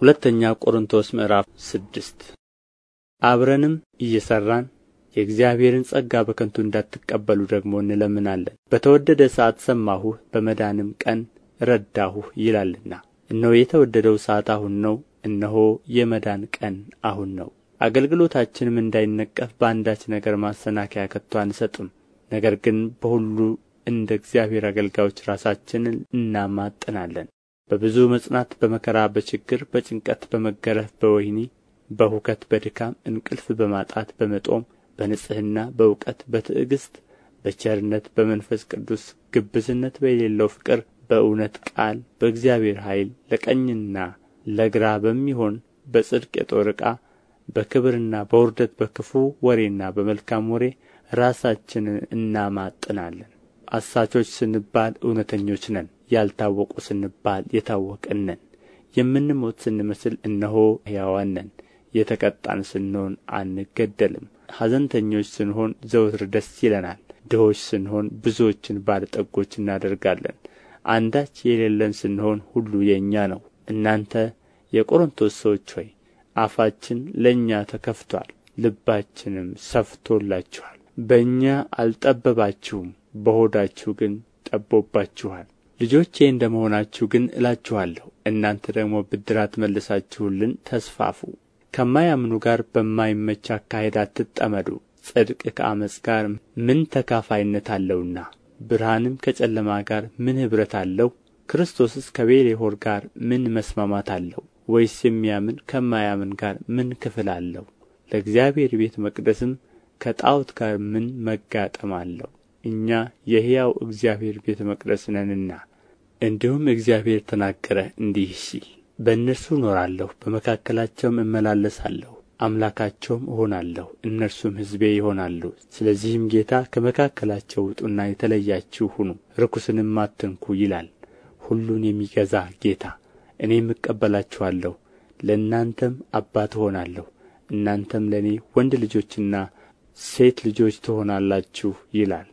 ሁለተኛ ቆሮንቶስ ምዕራፍ ስድስት አብረንም እየሠራን የእግዚአብሔርን ጸጋ በከንቱ እንዳትቀበሉ ደግሞ እንለምናለን። በተወደደ ሰዓት ሰማሁህ፣ በመዳንም ቀን ረዳሁህ ይላልና። እነሆ የተወደደው ሰዓት አሁን ነው፣ እነሆ የመዳን ቀን አሁን ነው። አገልግሎታችንም እንዳይነቀፍ በአንዳች ነገር ማሰናከያ ከቶ አንሰጥም። ነገር ግን በሁሉ እንደ እግዚአብሔር አገልጋዮች ራሳችንን እናማጥናለን በብዙ መጽናት በመከራ በችግር በጭንቀት በመገረፍ በወህኒ በሁከት በድካም እንቅልፍ በማጣት በመጦም በንጽህና በእውቀት በትዕግስት በቸርነት በመንፈስ ቅዱስ ግብዝነት በሌለው ፍቅር በእውነት ቃል በእግዚአብሔር ኃይል ለቀኝና ለግራ በሚሆን በጽድቅ የጦር ዕቃ በክብርና በውርደት በክፉ ወሬና በመልካም ወሬ ራሳችንን እናማጥናለን። አሳቾች ስንባል እውነተኞች ነን ያልታወቁ ስንባል የታወቅን ነን የምንሞት ስንመስል እነሆ ሕያዋን ነን የተቀጣን ስንሆን አንገደልም ሐዘንተኞች ስንሆን ዘወትር ደስ ይለናል ድሆች ስንሆን ብዙዎችን ባለጠጎች እናደርጋለን አንዳች የሌለን ስንሆን ሁሉ የእኛ ነው እናንተ የቆሮንቶስ ሰዎች ሆይ አፋችን ለእኛ ተከፍቶአል ልባችንም ሰፍቶላችኋል በእኛ አልጠበባችሁም በሆዳችሁ ግን ጠቦባችኋል ልጆቼ እንደ መሆናችሁ ግን እላችኋለሁ እናንተ ደግሞ ብድራት መልሳችሁልን ተስፋፉ ከማያምኑ ጋር በማይመች አካሄድ አትጠመዱ ጽድቅ ከአመፅ ጋር ምን ተካፋይነት አለውና ብርሃንም ከጨለማ ጋር ምን ኅብረት አለው ክርስቶስስ ከቤልሆር ጋር ምን መስማማት አለው ወይስ የሚያምን ከማያምን ጋር ምን ክፍል አለው ለእግዚአብሔር ቤተ መቅደስም ከጣዖት ጋር ምን መጋጠም አለው እኛ የሕያው እግዚአብሔር ቤተ መቅደስ ነንና እንዲሁም እግዚአብሔር ተናገረ እንዲህ ሲል በእነርሱ እኖራለሁ በመካከላቸውም እመላለሳለሁ አምላካቸውም እሆናለሁ እነርሱም ሕዝቤ ይሆናሉ። ስለዚህም ጌታ ከመካከላቸው ውጡና የተለያችሁ ሁኑ፣ ርኩስንም አትንኩ ይላል ሁሉን የሚገዛ ጌታ። እኔም እቀበላችኋለሁ፣ ለእናንተም አባት እሆናለሁ፣ እናንተም ለእኔ ወንድ ልጆችና ሴት ልጆች ትሆናላችሁ ይላል።